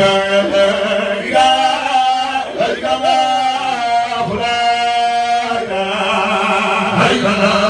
la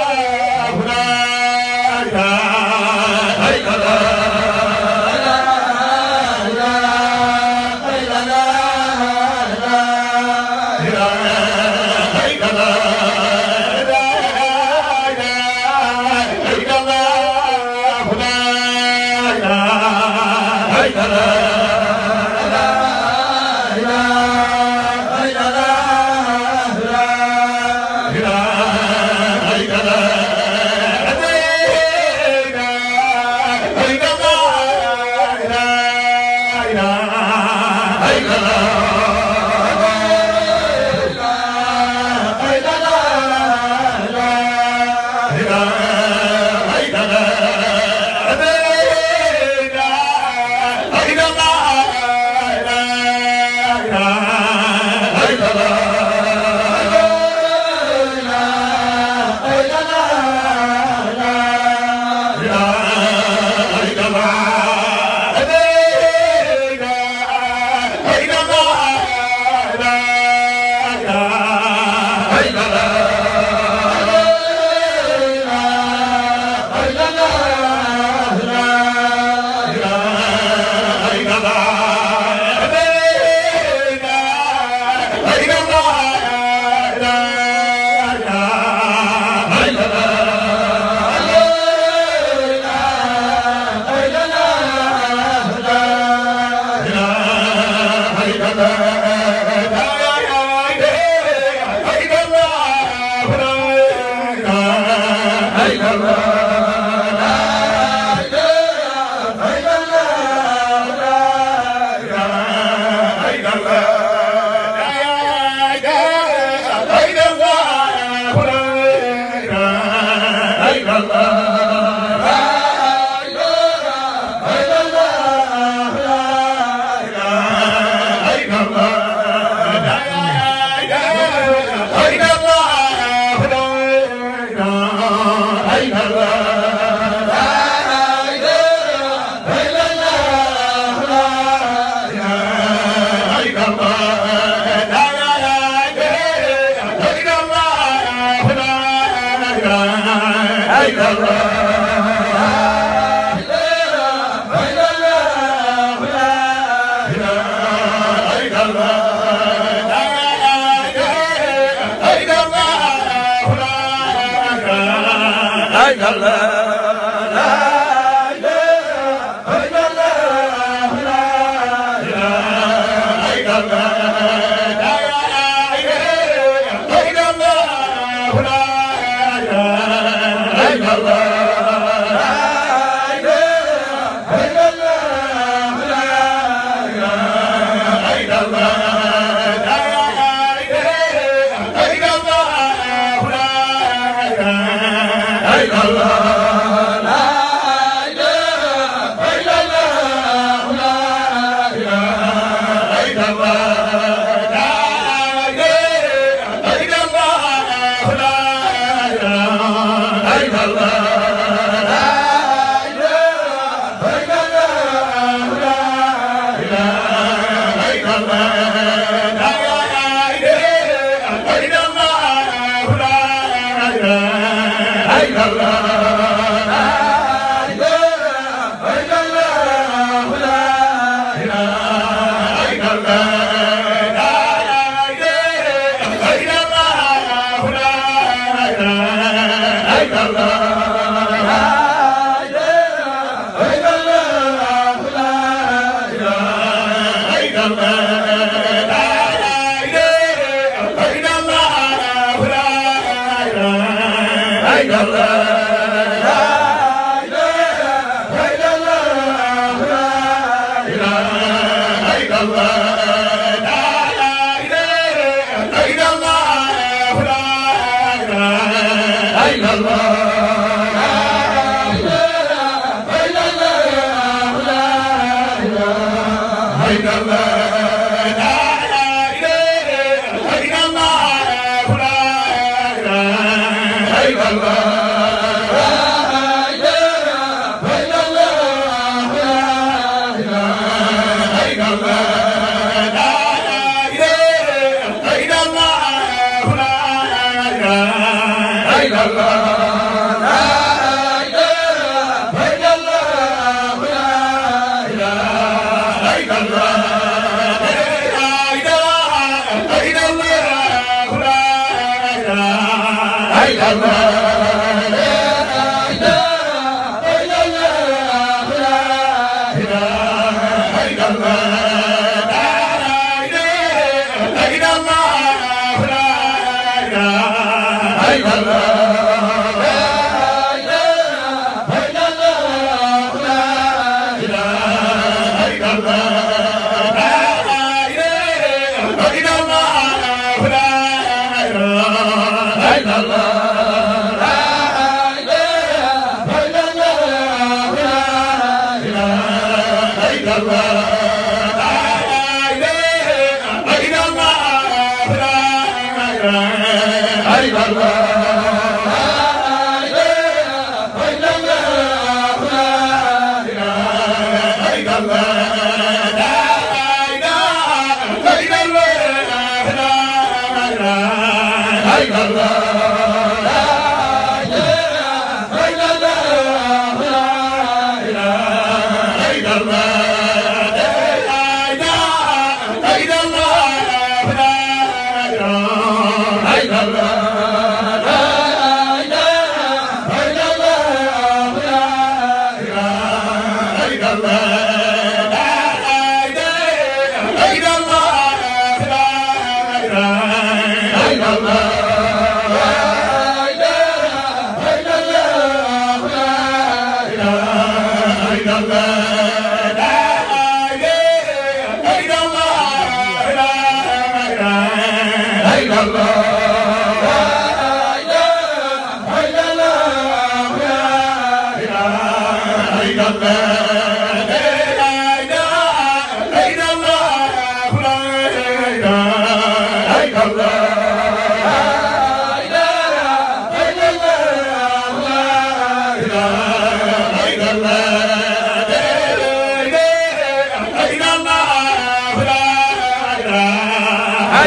dal Allah الله Allah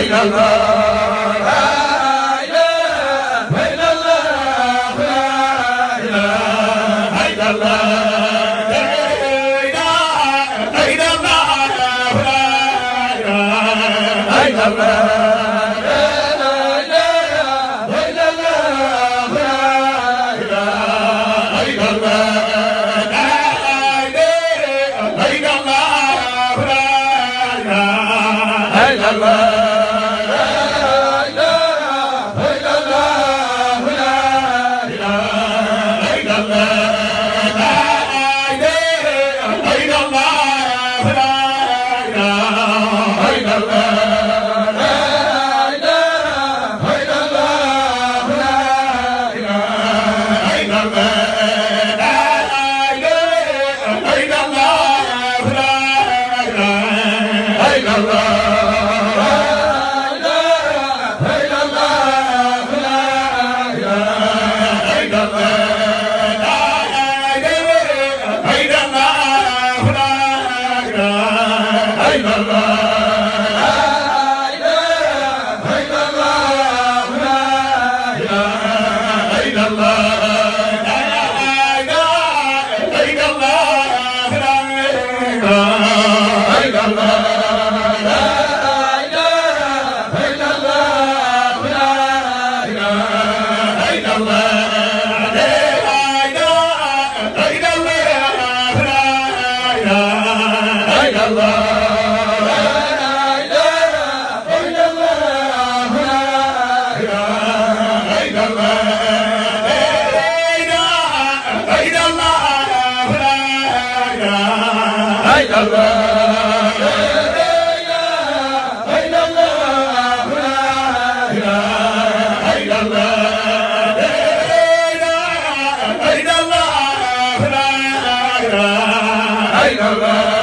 la la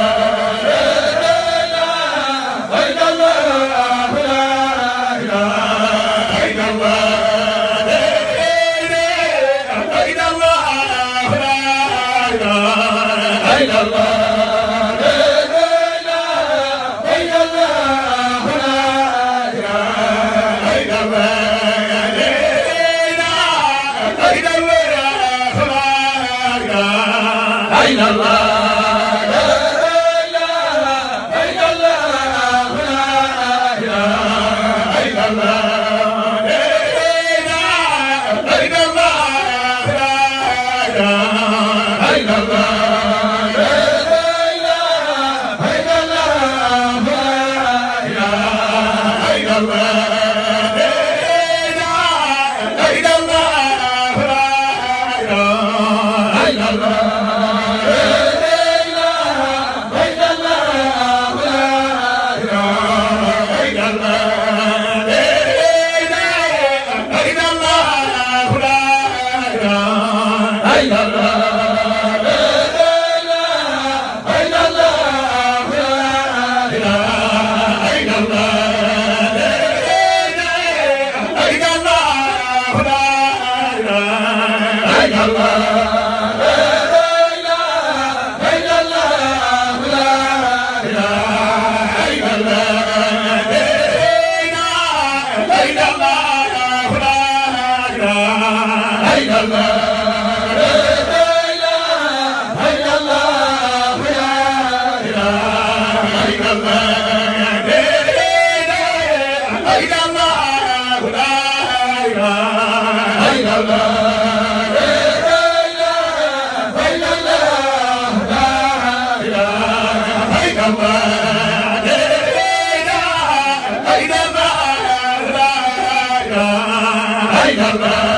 Allah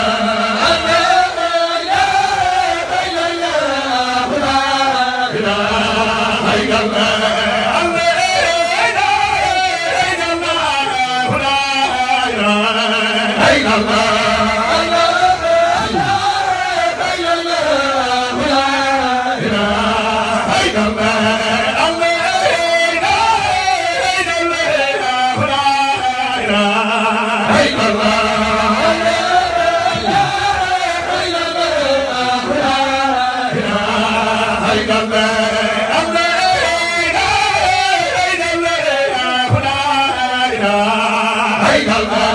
Allah Seydal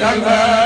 la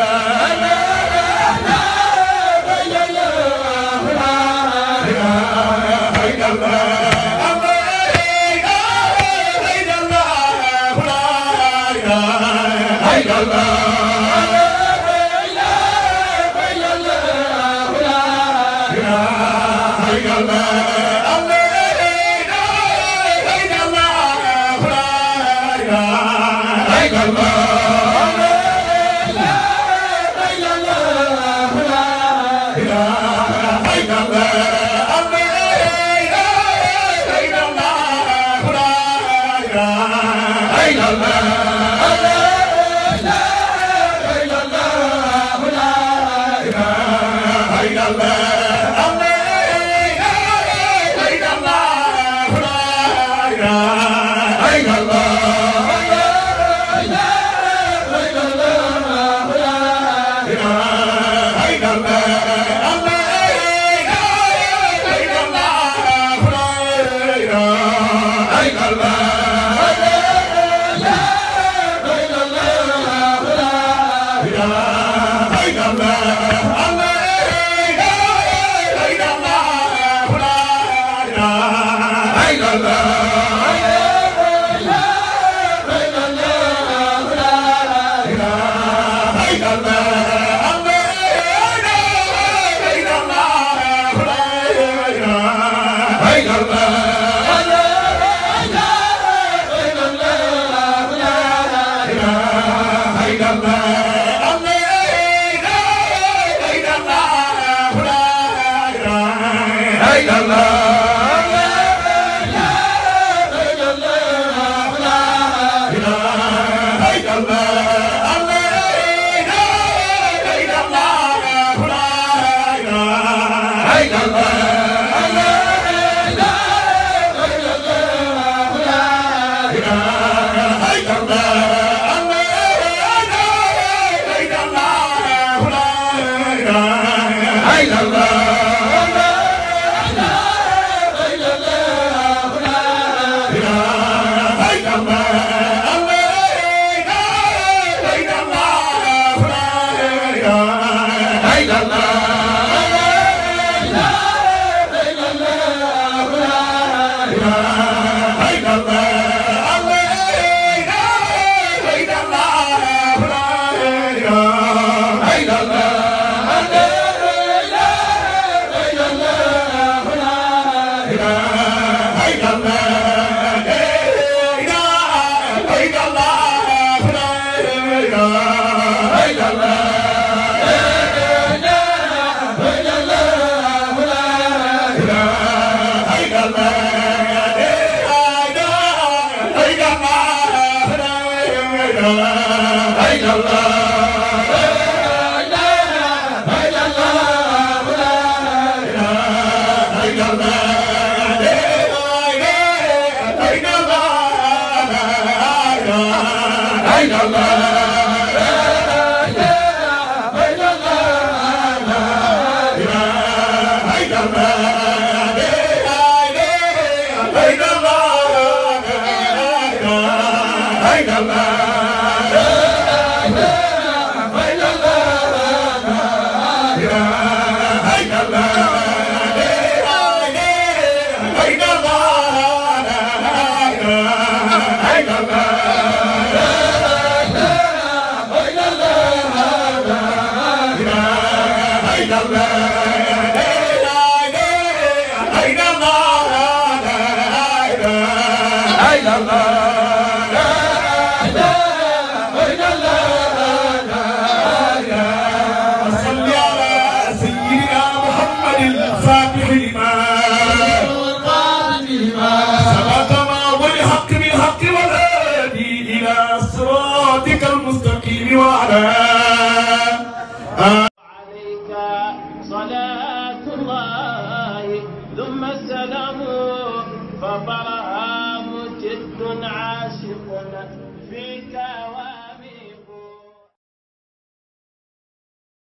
yàlla ay